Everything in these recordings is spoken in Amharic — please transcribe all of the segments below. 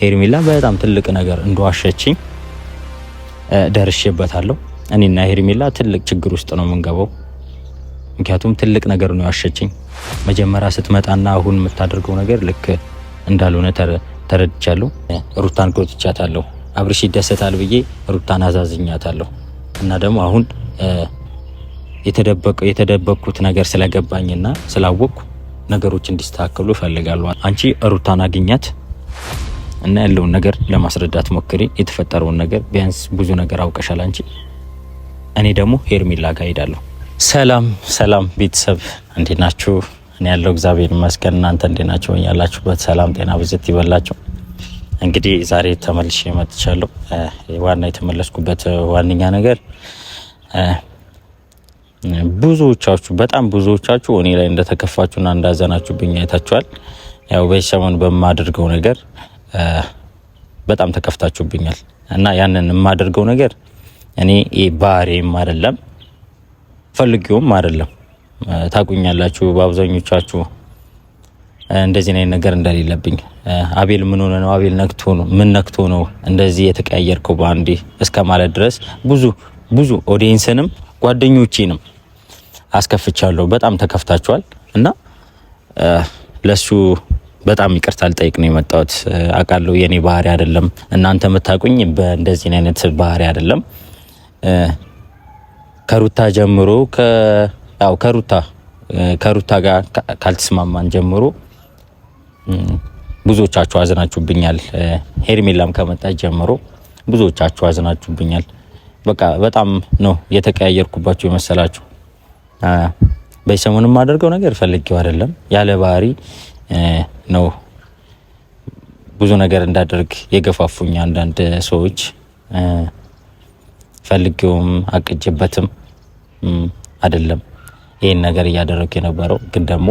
ሄርሚላ በጣም ትልቅ ነገር እንደዋሸችኝ ደርሼበታለሁ። እኔና ሄርሚላ ትልቅ ችግር ውስጥ ነው የምንገባው። ምክንያቱም ትልቅ ነገር ነው ያሸችኝ። መጀመሪያ ስትመጣና አሁን የምታደርገው ነገር ልክ እንዳልሆነ ተረድቻለሁ። ሩታን ጎትቻታለሁ። አብርሽ ይደሰታል ብዬ ሩታን አዛዝኛታለሁ። እና ደግሞ አሁን የተደበቅኩት ነገር ስለገባኝና ስላወቅኩ ነገሮች እንዲስተካከሉ እፈልጋለሁ። አንቺ ሩታን አግኛት እና ያለውን ነገር ለማስረዳት ሞክሬ የተፈጠረውን ነገር ቢያንስ ብዙ ነገር አውቀሻል አንቺ። እኔ ደግሞ ሄርሜላ ጋር ሄዳለሁ። ሰላም ሰላም ቤተሰብ እንዴት ናችሁ? እኔ ያለው እግዚአብሔር ይመስገን። እናንተ እንዴት ናችሁ? ያላችሁበት ሰላም ጤና ብዝት ይበላችሁ። እንግዲህ ዛሬ ተመልሼ መጥቻለሁ። ዋና የተመለስኩበት ዋነኛ ነገር ብዙዎቻችሁ በጣም ብዙዎቻችሁ እኔ ላይ እንደተከፋችሁና እንዳዘናችሁብኝ አይታችኋል። ያው በሰሞን በማደርገው ነገር በጣም ተከፍታችሁብኛል እና ያንን የማደርገው ነገር እኔ ባህሪም አይደለም ፈልጊውም አይደለም። ታቁኛላችሁ በአብዛኞቻችሁ እንደዚህ አይነት ነገር እንደሌለብኝ። አቤል ምን ሆነ ነው አቤል ነክቶ ነው ምን ነክቶ ነው እንደዚህ የተቀያየርከው በአንዴ እስከ ማለት ድረስ ብዙ ብዙ ኦዲየንስንም ጓደኞቼንም አስከፍቻለሁ። በጣም ተከፍታችኋል እና ለሱ በጣም ይቅርታ ልጠይቅ ነው የመጣሁት። አውቃለሁ የኔ ባህሪ አይደለም፣ እናንተ የምታውቁኝ በእንደዚህ አይነት ባህሪ አይደለም። ከሩታ ጀምሮ ያው ከሩታ ከሩታ ጋር ካልተስማማን ጀምሮ ብዙዎቻችሁ አዝናችሁብኛል። ሄርሜላም ከመጣች ጀምሮ ብዙዎቻችሁ አዝናችሁብኛል። በቃ በጣም ነው የተቀያየርኩባችሁ የመሰላችሁ። በሰሙንም አደርገው ነገር ፈልጌው አይደለም ያለ ባህሪ ነው ብዙ ነገር እንዳደርግ የገፋፉኝ አንዳንድ ሰዎች ፈልጌውም አቅጄበትም አይደለም ይህን ነገር እያደረግ የነበረው ግን ደግሞ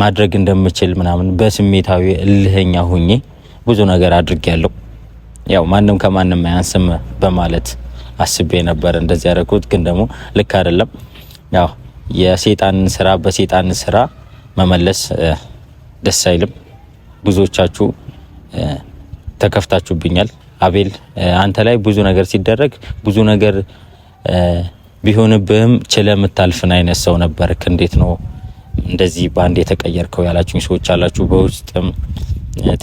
ማድረግ እንደምችል ምናምን በስሜታዊ እልህኛ ሁኜ ብዙ ነገር አድርግ ያለው ያው ማንም ከማንም አያንስም በማለት አስቤ ነበር እንደዚህ ያደረግኩት። ግን ደግሞ ልክ አይደለም። ያው የሴጣንን ስራ በሴጣን ስራ መመለስ ደስ አይልም። ብዙዎቻችሁ ተከፍታችሁብኛል። አቤል አንተ ላይ ብዙ ነገር ሲደረግ ብዙ ነገር ቢሆንብህም ችለ የምታልፍን አይነት ሰው ነበርክ። እንዴት ነው እንደዚህ በአንድ የተቀየርከው ያላችሁኝ ሰዎች አላችሁ። በውስጥም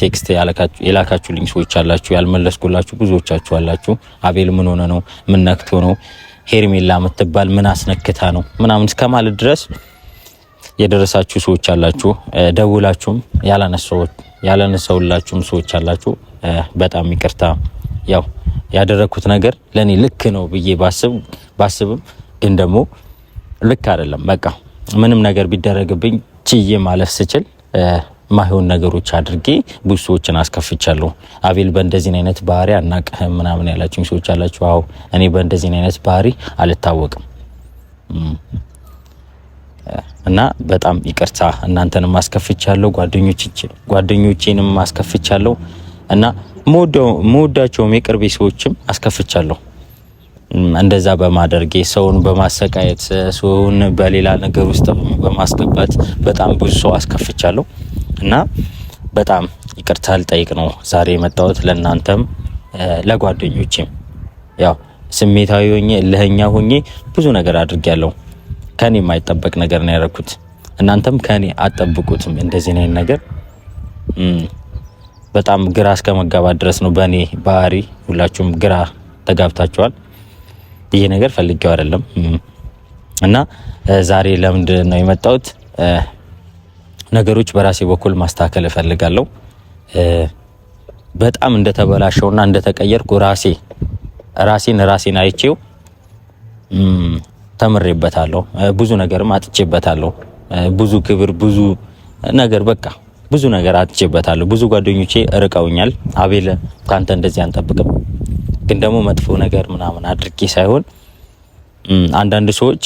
ቴክስት የላካችሁልኝ ሰዎች አላችሁ። ያልመለስኩላችሁ ብዙዎቻችሁ አላችሁ። አቤል ምን ሆነ ነው? ምን ነክቶ ነው? ሄርሜላ የምትባል ምን አስነክታ ነው? ምናምን እስከማለት ድረስ የደረሳችሁ ሰዎች አላችሁ፣ ደውላችሁም ያላነሳውላችሁም ሰዎች አላችሁ። በጣም ይቅርታ። ያው ያደረግኩት ነገር ለእኔ ልክ ነው ብዬ ባስብም ግን ደግሞ ልክ አይደለም። በቃ ምንም ነገር ቢደረግብኝ ችዬ ማለፍ ስችል ማይሆን ነገሮች አድርጌ ብዙ ሰዎችን አስከፍቻለሁ። አቤል በእንደዚህን አይነት ባህሪ አናቅህም ምናምን ያላችሁ ሰዎች አላችሁ። አዎ እኔ በእንደዚህ አይነት ባህሪ አልታወቅም። እና በጣም ይቅርታ እናንተንም አስከፍቻለሁ፣ ጓደኞቼንም አስከፍቻለሁ እና መወዳቸውም የቅርቤ ሰዎችም አስከፍቻለሁ። እንደዛ በማደርጌ ሰውን በማሰቃየት ሰውን በሌላ ነገር ውስጥ በማስገባት በጣም ብዙ ሰው አስከፍቻለሁ እና በጣም ይቅርታ ልጠይቅ ነው ዛሬ የመጣሁት ለእናንተም ለጓደኞቼም። ያው ስሜታዊ ሆኜ እልህኛ ሆኜ ብዙ ነገር አድርጌያለሁ። ከኔ የማይጠበቅ ነገር ነው ያደረኩት። እናንተም ከኔ አጠብቁትም እንደዚህ አይነት ነገር። በጣም ግራ እስከ መጋባት ድረስ ነው በእኔ ባህሪ። ሁላችሁም ግራ ተጋብታችኋል። ይሄ ነገር ፈልጌው አይደለም እና ዛሬ ለምንድን ነው የመጣሁት? ነገሮች በራሴ በኩል ማስተካከል እፈልጋለሁ። በጣም እንደተበላሸውና እንደተቀየርኩ ራሴ ራሴን ራሴን አይቼው ተምሬበታለሁ። ብዙ ነገርም አጥቼበታለሁ። ብዙ ክብር፣ ብዙ ነገር በቃ ብዙ ነገር አጥቼበታለሁ። ብዙ ጓደኞቼ እርቀውኛል አቤል ካንተ እንደዚህ አንጠብቅም፣ ግን ደግሞ መጥፎ ነገር ምናምን አድርጌ ሳይሆን አንዳንድ ሰዎች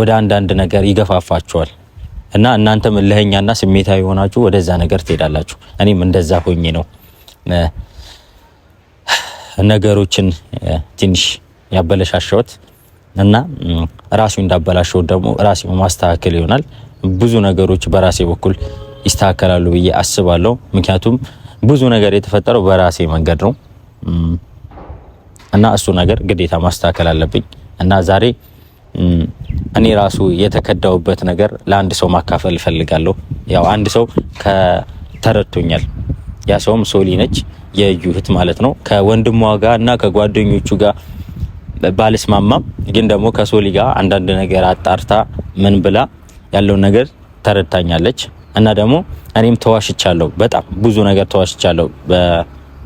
ወደ አንዳንድ ነገር ይገፋፋቸዋል እና እናንተም እልህኛና ስሜታዊ ሆናችሁ ወደዛ ነገር ትሄዳላችሁ። እኔም እንደዛ ሆኜ ነው ነገሮችን ትንሽ ያበለሻሸሁት። እና ራሱ እንዳበላሸው ደግሞ ራሴ ማስተካከል ይሆናል። ብዙ ነገሮች በራሴ በኩል ይስተካከላሉ ብዬ አስባለሁ። ምክንያቱም ብዙ ነገር የተፈጠረው በራሴ መንገድ ነው እና እሱ ነገር ግዴታ ማስተካከል አለብኝ እና ዛሬ እኔ ራሱ የተከዳውበት ነገር ለአንድ ሰው ማካፈል እፈልጋለሁ። ያው አንድ ሰው ከተረድቶኛል። ያ ሰውም ሶሊ ነች፣ የእዩ ማለት ነው። ከወንድሟ ጋር እና ከጓደኞቹ ጋር ባልስማማም ግን ደግሞ ከሶሊ ጋር አንዳንድ ነገር አጣርታ ምን ብላ ያለውን ነገር ተረድታኛለች እና ደግሞ እኔም ተዋሽቻለሁ። በጣም ብዙ ነገር ተዋሽቻለሁ።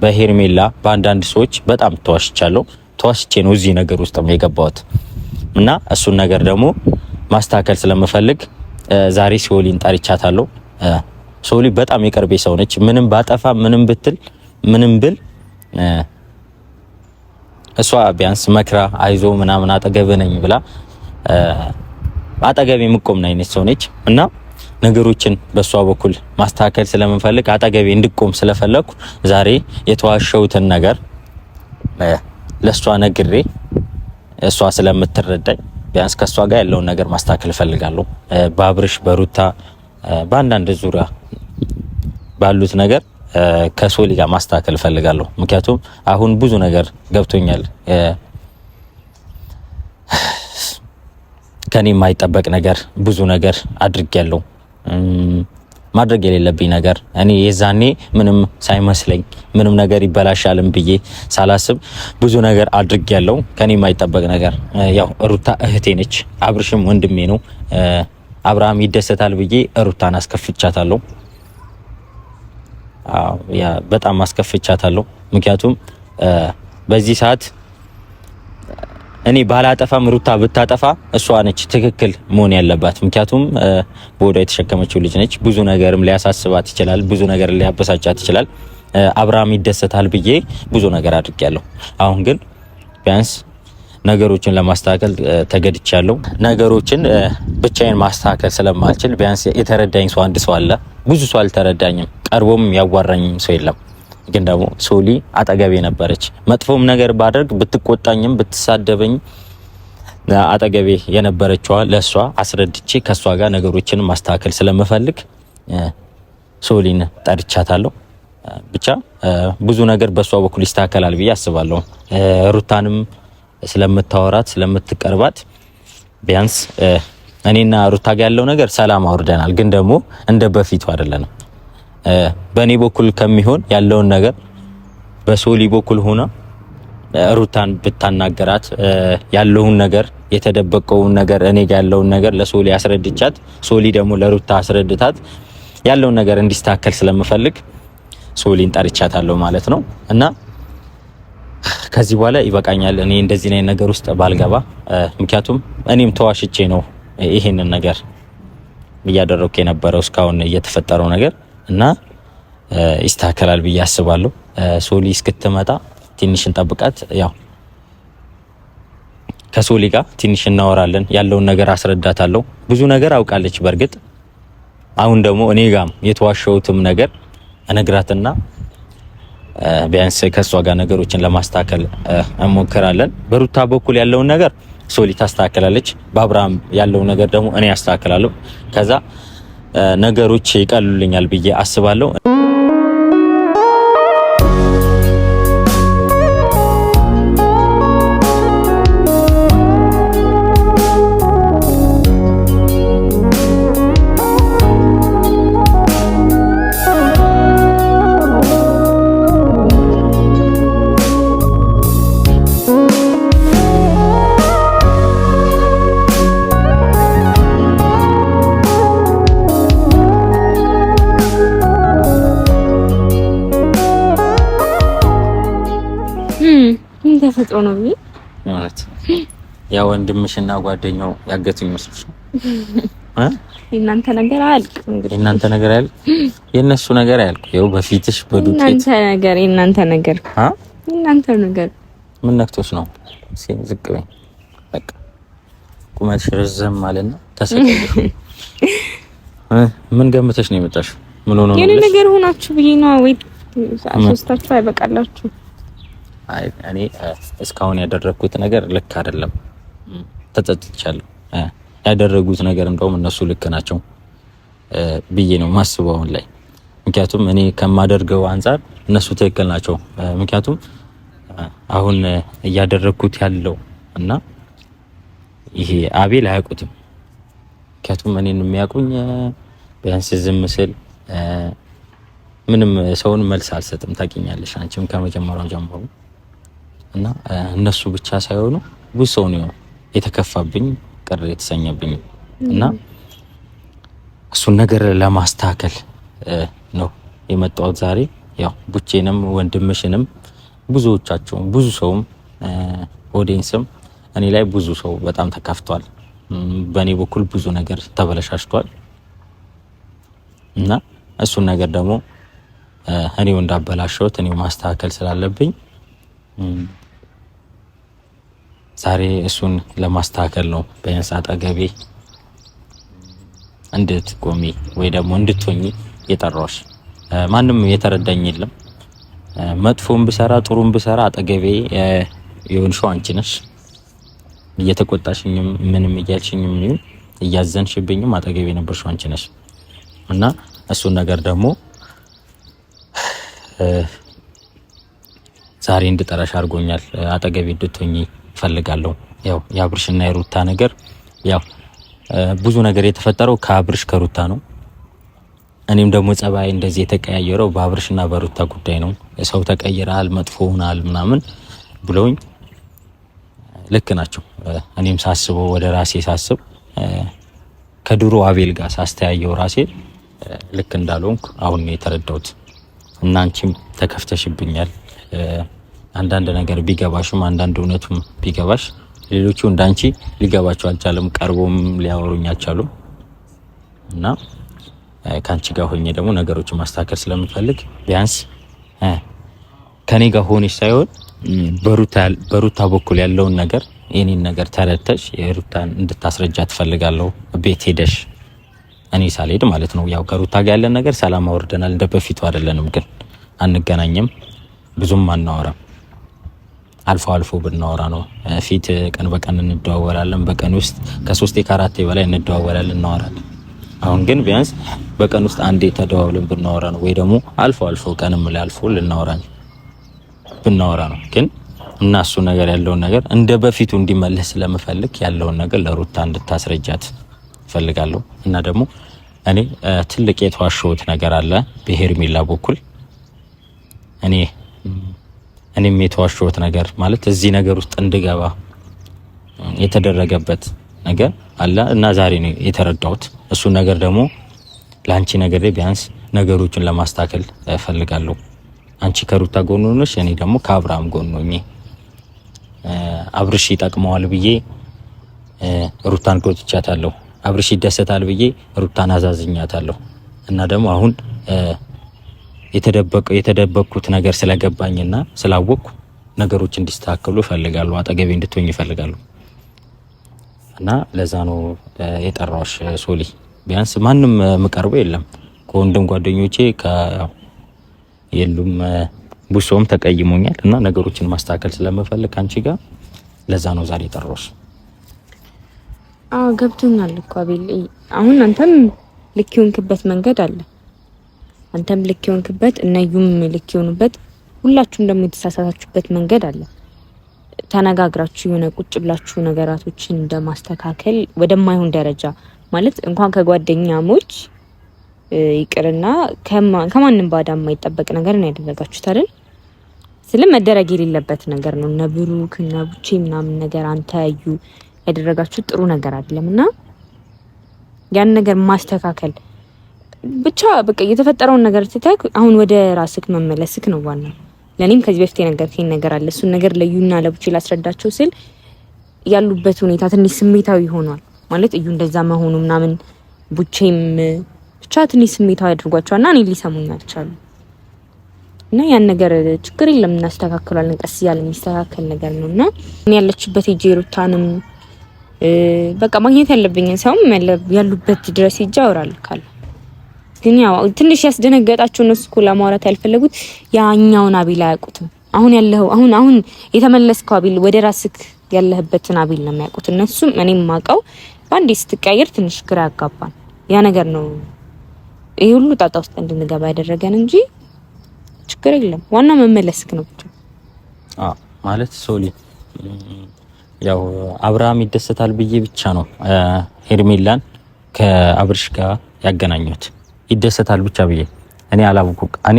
በሄርሜላ በአንዳንድ ሰዎች በጣም ተዋሽቻለሁ። ተዋሽቼ ነው እዚህ ነገር ውስጥ የገባሁት እና እሱን ነገር ደግሞ ማስተካከል ስለምፈልግ ዛሬ ሶሊን ጠርቻታለሁ። ሶሊ በጣም የቅርቤ ሰው ነች። ምንም ባጠፋ ምንም ብትል ምንም ብል እሷ ቢያንስ መክራ አይዞ ምናምን አጠገብ ነኝ ብላ አጠገብ የምቆም ነኝ ሰው ነች እና ነገሮችን በእሷ በኩል ማስተካከል ስለምንፈልግ አጠገቤ እንድቆም ስለፈለኩ ዛሬ የተዋሸሁትን ነገር ለእሷ ነግሬ እሷ ስለምትረዳኝ ቢያንስ ከእሷ ጋር ያለውን ነገር ማስተካከል እፈልጋለሁ። በአብርሽ በሩታ በአንዳንድ ዙሪያ ባሉት ነገር ከሶሊ ጋር ማስተካከል እፈልጋለሁ። ምክንያቱም አሁን ብዙ ነገር ገብቶኛል። ከኔ የማይጠበቅ ነገር ብዙ ነገር አድርጌያለሁ። ማድረግ የሌለብኝ ነገር እኔ የዛኔ ምንም ሳይመስለኝ ምንም ነገር ይበላሻልም ብዬ ሳላስብ ብዙ ነገር አድርጌያለሁ። ከኔ የማይጠበቅ ነገር ያው ሩታ እህቴ ነች፣ አብርሽም ወንድሜ ነው። አብርሃም ይደሰታል ብዬ ሩታን አስከፍቻታለሁ። በጣም አስከፍቻታለሁ። ምክንያቱም በዚህ ሰዓት እኔ ባላጠፋም ሩታ ብታጠፋ እሷ ነች ትክክል መሆን ያለባት። ምክንያቱም በወዳ የተሸከመችው ልጅ ነች። ብዙ ነገርም ሊያሳስባት ይችላል፣ ብዙ ነገር ሊያበሳጫት ይችላል። አብርሃም ይደሰታል ብዬ ብዙ ነገር አድርጌያለሁ። አሁን ግን ቢያንስ ነገሮችን ለማስተካከል ተገድቻለሁ። ነገሮችን ብቻዬን ማስተካከል ስለማልችል ቢያንስ የተረዳኝ ሰው አንድ ሰው አለ። ብዙ ሰው አልተረዳኝም፣ ቀርቦም ያዋራኝም ሰው የለም። ግን ደግሞ ሶሊ አጠገቤ ነበረች። መጥፎም ነገር ባደርግ ብትቆጣኝም ብትሳደበኝ አጠገቤ የነበረችዋ ለእሷ አስረድቼ ከእሷ ጋር ነገሮችን ማስተካከል ስለምፈልግ ሶሊን ጠርቻታለሁ። ብቻ ብዙ ነገር በእሷ በኩል ይስተካከላል ብዬ አስባለሁ። ሩታንም ስለምታወራት ስለምትቀርባት ቢያንስ እኔና ሩታ ጋ ያለው ነገር ሰላም አውርደናል። ግን ደግሞ እንደ በፊቱ አይደለንም። በእኔ በኩል ከሚሆን ያለውን ነገር በሶሊ በኩል ሆና ሩታን ብታናገራት ያለውን ነገር የተደበቀውን ነገር እኔ ጋ ያለውን ነገር ለሶሊ አስረድቻት፣ ሶሊ ደግሞ ለሩታ አስረድታት ያለውን ነገር እንዲስተካከል ስለምፈልግ ሶሊን ጠርቻታለሁ ማለት ነው እና ከዚህ በኋላ ይበቃኛል፣ እኔ እንደዚህ አይነት ነገር ውስጥ ባልገባ። ምክንያቱም እኔም ተዋሽቼ ነው ይሄንን ነገር እያደረግኩ የነበረው እስካሁን እየተፈጠረው ነገር እና ይስተካከላል ብዬ አስባለሁ። ሶሊ እስክትመጣ ትንሽ እንጠብቃት። ያው ከሶሊ ጋር ትንሽ እናወራለን፣ ያለውን ነገር አስረዳታለሁ። ብዙ ነገር አውቃለች በእርግጥ አሁን ደግሞ እኔ ጋም የተዋሸሁትም ነገር እነግራትና ቢያንስ ከእሷ ጋር ነገሮችን ለማስተካከል እንሞክራለን። በሩታ በኩል ያለውን ነገር ሶሊ ታስተካከላለች። በአብርሃም ያለው ነገር ደግሞ እኔ ያስተካከላለሁ። ከዛ ነገሮች ይቀሉልኛል ብዬ አስባለሁ። ነው ብዬ ማለት ያ ወንድምሽ እና ጓደኛው ያገቱ ይመስልሽ? ነው? የእናንተ ነገር አያልቅም። እንግዲህ የእናንተ ነገር አያልቅም፣ የእነሱ ነገር አያልቅም። ይኸው በፊትሽ በዱቄት የእናንተ ነገር የእናንተ ነገር አ የእናንተ ነገር ምን ነክቶስ ነው? ሲም ዝቅ በይ በቃ ቁመትሽ ረዘም ማለት ነው። ተሰቀልሽ ምን ገምተሽ ነው የመጣሽው? ምን ሆኖ ነው የኔ ነገር ሆናችሁ ብዬ ነው ወይ ሶስታችሁ አይበቃላችሁ? እኔ እስካሁን ያደረግኩት ነገር ልክ አይደለም፣ ተጸጽቻለሁ። ያደረጉት ነገር እንደውም እነሱ ልክ ናቸው ብዬ ነው ማስበው አሁን ላይ። ምክንያቱም እኔ ከማደርገው አንጻር እነሱ ትክክል ናቸው። ምክንያቱም አሁን እያደረግኩት ያለው እና ይሄ አቤል አያውቁትም። ምክንያቱም እኔን የሚያውቁኝ ቢያንስ ዝም ስል ምንም ሰውን መልስ አልሰጥም። ታውቂኛለሽ አንቺም ከመጀመሪያው ጀምሮ እና እነሱ ብቻ ሳይሆኑ ብዙ ሰው ነው የተከፋብኝ፣ ቅር የተሰኘብኝ እና እሱን ነገር ለማስተካከል ነው የመጣሁት ዛሬ። ያው ቡቼንም ወንድምሽንም ብዙዎቻቸውም ብዙ ሰውም ኦዲንስም እኔ ላይ ብዙ ሰው በጣም ተከፍቷል። በእኔ በኩል ብዙ ነገር ተበለሻሽቷል እና እሱን ነገር ደግሞ እኔው እንዳበላሸሁት እኔው ማስተካከል ስላለብኝ ዛሬ እሱን ለማስተካከል ነው። ቢያንስ አጠገቤ እንድትቆሚ ወይ ደግሞ እንድትሆኚ የጠራሁሽ። ማንም የተረዳኝ የለም። መጥፎም ብሰራ ጥሩም ብሰራ አጠገቤ የሆንሽው አንቺ ነሽ። እየተቆጣሽኝም ምንም እያልሽኝም ይሁን እያዘንሽብኝም አጠገቤ የነበርሽው አንቺ ነሽ እና እሱን ነገር ደግሞ ዛሬ እንድጠራሽ አድርጎኛል። አጠገቤ እንድትሆኚ ፈልጋለሁ። ያው የአብርሽና የሩታ ነገር ያው ብዙ ነገር የተፈጠረው ከአብርሽ ከሩታ ነው። እኔም ደግሞ ጸባይ እንደዚህ የተቀያየረው በአብርሽና በሩታ ጉዳይ ነው። ሰው ተቀይረሃል፣ መጥፎ ሆናል ምናምን ብለውኝ ልክ ናቸው። እኔም ሳስበው ወደ ራሴ ሳስብ ከድሮ አቤል ጋር ሳስተያየው ራሴ ልክ እንዳልሆንኩ አሁን የተረዳውት የተረዳሁት። እናንቺም ተከፍተሽብኛል አንዳንድ ነገር ቢገባሽም አንዳንድ እውነቱም ቢገባሽ ሌሎቹ እንዳንቺ ሊገባቸው አልቻለም፣ ቀርቦም ሊያወሩኝ አልቻሉም። እና ከአንቺ ጋር ሆኜ ደግሞ ነገሮችን ማስተካከል ስለምፈልግ ቢያንስ ከኔ ጋር ሆነሽ ሳይሆን በሩታ በኩል ያለውን ነገር የኔን ነገር ተረድተሽ የሩታን እንድታስረጃ ትፈልጋለሁ። ቤት ሄደሽ እኔ ሳልሄድ ማለት ነው። ያው ከሩታ ጋር ያለን ነገር ሰላም አውርደናል። እንደ በፊቱ አይደለንም፣ ግን አንገናኝም፣ ብዙም አናወራም። አልፎ አልፎ ብናወራ ነው። ፊት ቀን በቀን እንደዋወላለን። በቀን ውስጥ ከሶስቴ ከአራቴ በላይ እንደዋወላለን፣ እናወራለን። አሁን ግን ቢያንስ በቀን ውስጥ አንዴ ተደዋውለን ብናወራ ነው፣ ወይ ደግሞ አልፎ አልፎ ቀንም ላይ አልፎ ልናወራ ብናወራ ነው። ግን እና እሱ ነገር ያለውን ነገር እንደ በፊቱ እንዲመለስ ስለምፈልግ ያለውን ነገር ለሩታ እንድታስረጃት እፈልጋለሁ። እና ደግሞ እኔ ትልቅ የተዋሸሁት ነገር አለ በሄርሜላ በኩል እኔ እኔም የተዋሸሁት ነገር ማለት እዚህ ነገር ውስጥ እንድገባ የተደረገበት ነገር አለ እና ዛሬ ነው የተረዳሁት። እሱ ነገር ደግሞ ለአንቺ ነገር ላይ ቢያንስ ነገሮችን ለማስተካከል እፈልጋለሁ። አንቺ ከሩታ ጎን ሆነሽ፣ እኔ ደግሞ ከአብርሃም ጎን ሆኜ አብርሽ ይጠቅመዋል ብዬ ሩታን ቆጥቻታለሁ። አብርሽ ይደሰታል ብዬ ሩታን አዛዝኛታለሁ እና ደግሞ አሁን የተደበቅኩት ነገር ስለገባኝና ስላወቅኩ ነገሮች እንዲስተካከሉ ይፈልጋሉ አጠገቤ እንድትሆኝ ይፈልጋሉ እና ለዛ ነው የጠራዎች ሶሊ። ቢያንስ ማንም የምቀርበው የለም ከወንድም ጓደኞቼ የሉም። ቡሶም ተቀይሞኛል እና ነገሮችን ማስተካከል ስለምፈልግ ከአንቺ ጋር ለዛ ነው ዛሬ የጠራዎች። ገብቶኛል እኮ አቤል። አሁን አንተም ልክ መንገድ አለ አንተም ልክ የሆንክበት እነዩም ልክ የሆኑበት ሁላችሁም ደግሞ የተሳሳታችሁበት መንገድ አለ። ተነጋግራችሁ የሆነ ቁጭ ብላችሁ ነገራቶችን እንደማስተካከል ወደማይሆን ደረጃ ማለት እንኳን ከጓደኛሞች ይቅርና ከማንም ባዳ የማይጠበቅ ነገር ነው ያደረጋችሁት አይደል? ስልም መደረግ የሌለበት ነገር ነው። እነ ብሩክ እነ ቡቼ ምናምን ነገር አንተ ያዩ ያደረጋችሁት ጥሩ ነገር አይደለም እና ያን ነገር ማስተካከል ብቻ በቃ የተፈጠረውን ነገር ትተህ አሁን ወደ ራስህ መመለስክ ነው ዋናው። ለእኔም ከዚህ በፊት የነገርከኝ ነገር አለ። እሱን ነገር ለዩና ለቡቼ ላስረዳቸው ስል ያሉበት ሁኔታ ትንሽ ስሜታዊ ሆኗል። ማለት እዩ እንደዛ መሆኑ ምናምን ቡቼም ብቻ ትንሽ ስሜታዊ አድርጓቸዋል እና እኔ ሊሰሙኝ አልቻሉ እና ያን ነገር ችግር የለም እናስተካክሏለን። ቀስ እያለ የሚስተካከል ነገር ነው እና እኔ ያለችበት ሄጄ ሩታንም በቃ ማግኘት ያለብኝን ሰውም ያሉበት ድረስ ሄጄ አወራልካለሁ ግን ያው ትንሽ ያስደነገጣቸው እነሱ እኮ ለማውራት ያልፈለጉት ያኛውን አቢል አያውቁትም። አሁን ያለው አሁን አሁን የተመለስከው አቢል ወደ ራስክ ያለህበትን አቢል ነው የሚያውቁት እነሱም እኔም ማውቀው። በአንዴ ስትቀየር ትንሽ ግራ ያጋባል። ያ ነገር ነው ይህ ሁሉ ጣጣ ውስጥ እንድንገባ ያደረገን እንጂ ችግር የለም። ዋናው መመለስክ ነው ብቻ ማለት ሶሊ ያው አብርሃም ይደሰታል ብዬ ብቻ ነው ሄርሜላን ከአብርሽ ጋር ያገናኙት። ይደሰታል ብቻ ብዬ እኔ አላወኩም። እኔ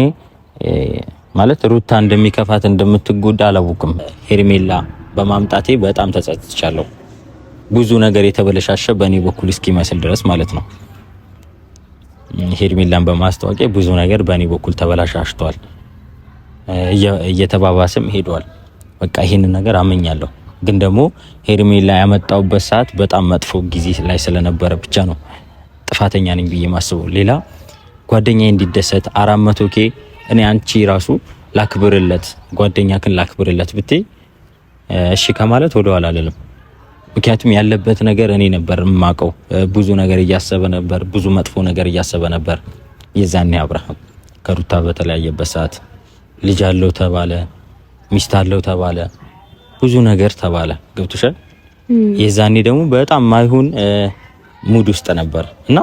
ማለት ሩታ እንደሚከፋት እንደምትጎዳ አላውቅም። ሄርሜላ በማምጣቴ በጣም ተጸጽቻለሁ። ብዙ ነገር የተበለሻሸ በእኔ በኩል እስኪመስል ድረስ ማለት ነው። ሄርሜላን በማስታወቂያ ብዙ ነገር በእኔ በኩል ተበላሻሽቷል፣ እየተባባሰም ሄደዋል። በቃ ይህንን ነገር አመኛለሁ። ግን ደግሞ ሄርሜላ ያመጣውበት ሰዓት በጣም መጥፎ ጊዜ ላይ ስለነበረ ብቻ ነው ጥፋተኛ ነኝ ብዬ ማስበው ሌላ ጓደኛዬ እንዲደሰት አራት መቶ ኬ እኔ አንቺ ራሱ ላክብርለት ጓደኛክን ላክብርለት ብቴ እሺ ከማለት ወደኋላ አልልም። ምክንያቱም ያለበት ነገር እኔ ነበር የማውቀው። ብዙ ነገር እያሰበ ነበር፣ ብዙ መጥፎ ነገር እያሰበ ነበር። የዛኔ አብርሃም ከሩታ በተለያየበት ሰዓት ልጅ አለው ተባለ፣ ሚስት አለው ተባለ፣ ብዙ ነገር ተባለ። ገብቶሻል? የዛኔ ደግሞ በጣም ማይሆን ሙድ ውስጥ ነበር እና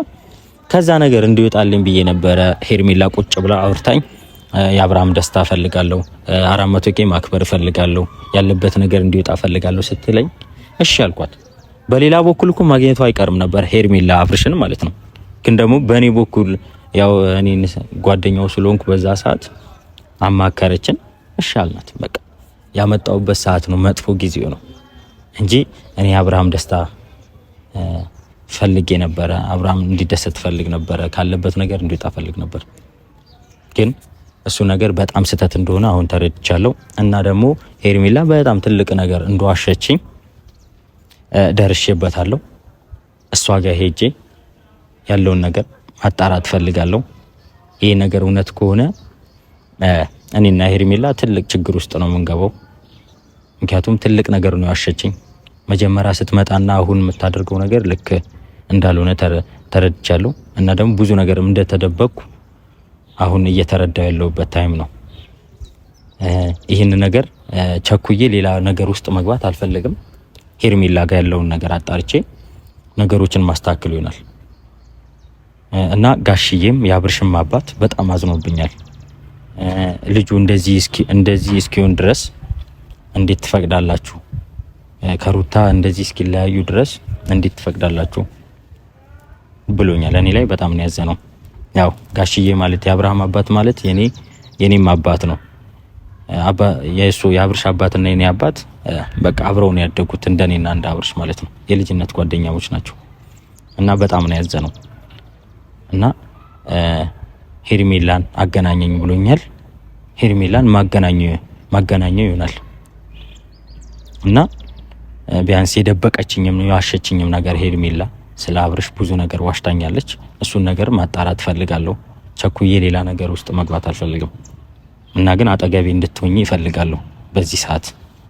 ከዛ ነገር እንዲወጣልኝ ብዬ ነበረ። ሄርሜላ ቁጭ ብላ አውርታኝ የአብርሃም ደስታ ፈልጋለሁ አራት መቶ ቄ ማክበር ፈልጋለሁ ያለበት ነገር እንዲወጣ ፈልጋለሁ ስትለኝ እሺ አልኳት። በሌላ በኩል እኮ ማግኘቱ አይቀርም ነበር ሄርሜላ አብርሽን ማለት ነው። ግን ደግሞ በእኔ በኩል ያው እኔ ጓደኛው ስለሆንኩ በዛ ሰዓት አማከረችን። እሺ አልናት። በቃ ያመጣውበት ሰዓት ነው፣ መጥፎ ጊዜው ነው እንጂ እኔ አብርሃም ደስታ ፈልጌ ነበረ። አብርሃም እንዲደሰት ፈልግ ነበረ። ካለበት ነገር እንዲወጣ ፈልግ ነበር። ግን እሱ ነገር በጣም ስህተት እንደሆነ አሁን ተረድቻለሁ። እና ደግሞ ሄርሜላ በጣም ትልቅ ነገር እንደዋሸችኝ ደርሼበታለሁ። እሷ ጋር ሄጄ ያለውን ነገር ማጣራት ፈልጋለሁ። ይህ ነገር እውነት ከሆነ እኔና ሄርሜላ ትልቅ ችግር ውስጥ ነው የምንገባው። ምክንያቱም ትልቅ ነገር ነው ያሸችኝ። መጀመሪያ ስትመጣና አሁን የምታደርገው ነገር ልክ እንዳልሆነ ተረድቻለሁ እና ደግሞ ብዙ ነገር እንደተደበቅኩ አሁን እየተረዳው ያለውበት ታይም ነው። ይህን ነገር ቸኩዬ ሌላ ነገር ውስጥ መግባት አልፈልግም። ሄርሜላ ጋር ያለውን ነገር አጣርቼ ነገሮችን ማስተካከል ይሆናል እና ጋሽዬም የአብርሽም አባት በጣም አዝኖብኛል። ልጁ እንደዚህ እስኪ እንደዚህ እስኪሆን ድረስ እንዴት ትፈቅዳላችሁ? ከሩታ እንደዚህ እስኪለያዩ ድረስ እንዴት ትፈቅዳላችሁ? ብሎኛል። እኔ ላይ በጣም ነው ያዘነው። ያው ጋሽዬ ማለት የአብርሃም አባት ማለት የኔ የኔም አባት ነው። አባ የአብርሽ አባት እና የኔ አባት በቃ አብረው ነው ያደጉት እንደኔና እንደ አብርሽ ማለት ነው። የልጅነት ጓደኛሞች ናቸው እና በጣም ነው ያዘነው እና ሄርሜላን አገናኘኝ ብሎኛል። ሄርሜላን ማገናኘው ይሆናል እና ቢያንስ የደበቀችኝም የዋሸችኝም ነገር ሄርሜላ ስለ አብርሽ ብዙ ነገር ዋሽታኛለች። እሱን ነገር ማጣራት ፈልጋለሁ። ቸኩዬ ሌላ ነገር ውስጥ መግባት አልፈልግም እና ግን አጠገቤ እንድትሆኝ ይፈልጋለሁ። በዚህ ሰዓት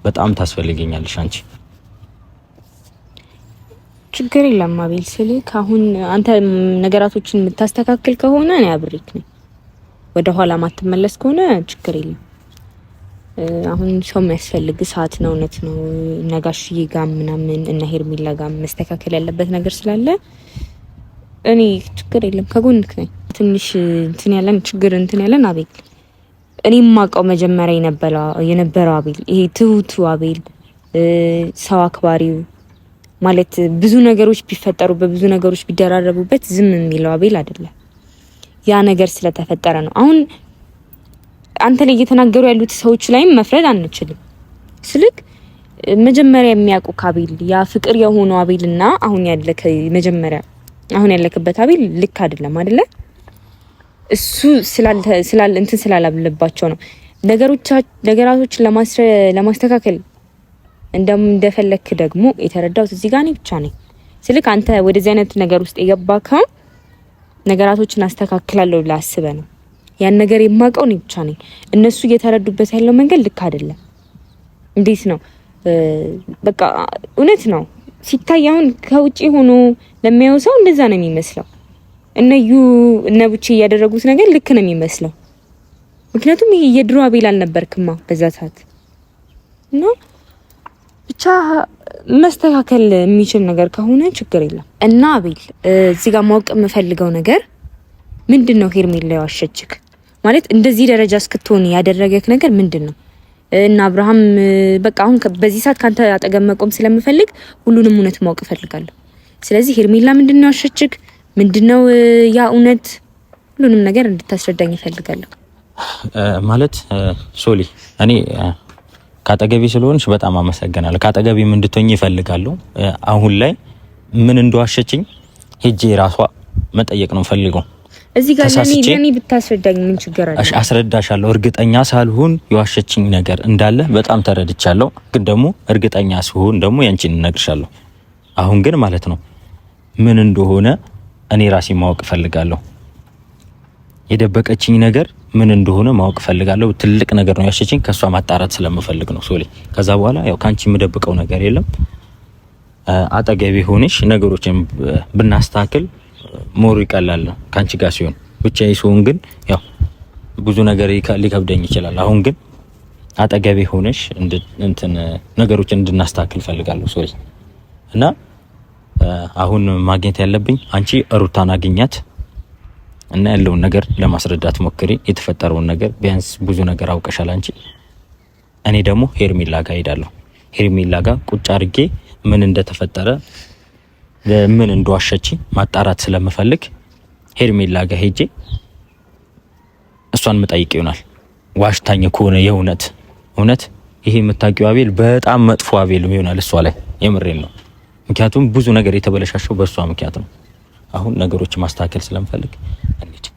በጣም ታስፈልገኛለሽ አንቺ። ችግር የለም አቤል ስል ካሁን አንተ ነገራቶችን የምታስተካክል ከሆነ እኔ አብሬክ ነኝ። ማትመለስ ከሆነ ችግር የለም። አሁን ሰው የሚያስፈልግ ሰዓት ነው። እውነት ነው። እነ ጋሽዬ ምናምን እነ ሄርሜላ መስተካከል ያለበት ነገር ስላለ እኔ ችግር የለም ከጎንክ ነኝ። ትንሽ እንትን ያለን ችግር እንትን ያለን አቤል እኔ የማውቀው መጀመሪያ የነበረው አቤል ይሄ ትሁቱ አቤል ሰው አክባሪው ማለት ብዙ ነገሮች ቢፈጠሩበት ብዙ ነገሮች ቢደራረቡበት ዝም የሚለው አቤል አይደለም። ያ ነገር ስለተፈጠረ ነው አሁን አንተ ላይ እየተናገሩ ያሉት ሰዎች ላይም መፍረድ አንችልም። ስልክ መጀመሪያ የሚያውቁ አቤል ያ ፍቅር የሆነው አቤልና አሁን ያለ መጀመሪያ አሁን ያለክበት አቤል ልክ አይደለም አይደለ? እሱ ስላል እንትን ስላላለባቸው ነው ነገራቶችን ለማስተካከል እንደፈለክ ደግሞ የተረዳሁት እዚህ ጋር እኔ ብቻ ነኝ። ስልክ አንተ ወደዚህ አይነት ነገር ውስጥ የገባ ነገራቶችን አስተካክላለሁ ላስበ ነው ያን ነገር የማውቀው እኔ ብቻ ነኝ። እነሱ እየተረዱበት ያለው መንገድ ልክ አይደለም። እንዴት ነው በቃ እውነት ነው ሲታይ አሁን ከውጪ ሆኖ ለሚያየው ሰው እንደዛ ነው የሚመስለው። እነዩ ዩ እነ እያደረጉት ነገር ልክ ነው የሚመስለው። ምክንያቱም ይሄ የድሮ አቤል አልነበርክማ በዛ ሰዓት እና ብቻ መስተካከል የሚችል ነገር ከሆነ ችግር የለም። እና አቤል እዚህ ጋር ማወቅ የምፈልገው ነገር ምንድን ነው ሄርሜላ የዋሸችክ? ማለት እንደዚህ ደረጃ እስክትሆን ያደረገክ ነገር ምንድን ነው? እና አብርሃም በቃ አሁን በዚህ ሰዓት ካንተ አጠገብ መቆም ስለምፈልግ ሁሉንም እውነት ማወቅ እፈልጋለሁ። ስለዚህ ሄርሜላ ምንድን ነው ያሸችግ? ምንድን ነው ያ እውነት? ሁሉንም ነገር እንድታስረዳኝ እፈልጋለሁ። ማለት ሶሊ እኔ ካጠገቢ ስለሆንሽ በጣም አመሰግናለሁ። ካጠገቢም እንድትሆኝ ይፈልጋሉ። አሁን ላይ ምን እንደዋሸችኝ ሄጄ ራሷ መጠየቅ ነው ፈልገው እዚህ ጋር ለኔ ብታስረዳኝ ምን ችግር አለ? አስረዳሻለሁ። እርግጠኛ ሳልሆን የዋሸችኝ ነገር እንዳለ በጣም ተረድቻለሁ። ግን ደግሞ እርግጠኛ ስሆን ደግሞ ያንቺን እነግርሻለሁ። አሁን ግን ማለት ነው ምን እንደሆነ እኔ ራሴ ማወቅ እፈልጋለሁ። የደበቀችኝ ነገር ምን እንደሆነ ማወቅ እፈልጋለሁ። ትልቅ ነገር ነው ያሸችኝ። ከእሷ ማጣራት ስለምፈልግ ነው ሶሊ። ከዛ በኋላ ያው ከአንቺ የምደብቀው ነገር የለም። አጠገቤ ሆነሽ ነገሮችን ብናስተካክል ሞር ይቀላል ከአንቺ ጋር ሲሆን ብቻ ሲሆን ግን ያው ብዙ ነገር ሊከብደኝ ይችላል። አሁን ግን አጠገቤ ሆነሽ እንትን ነገሮችን እንድናስተካክል ፈልጋለሁ። ሶሪ እና አሁን ማግኘት ያለብኝ አንቺ ሩታን አግኛት እና ያለውን ነገር ለማስረዳት ሞክሪ። የተፈጠረውን ነገር ቢያንስ ብዙ ነገር አውቀሻል አንቺ። እኔ ደግሞ ሄርሜላ ጋር ሄዳለሁ። ሄርሜላ ጋር ቁጭ አድርጌ ምን እንደተፈጠረ ምን እንደዋሸች ማጣራት ስለምፈልግ ሄርሜላ ጋር ሄጄ እሷን ምጠይቅ ይሆናል። ዋሽታኝ ከሆነ የእውነት እውነት ይሄ የምታውቂው አቤል በጣም መጥፎ አቤልም ይሆናል እሷ ላይ የምሬን ነው። ምክንያቱም ብዙ ነገር የተበለሻሸው በእሷ ምክንያት ነው። አሁን ነገሮች ማስተካከል ስለምፈልግ እንዴ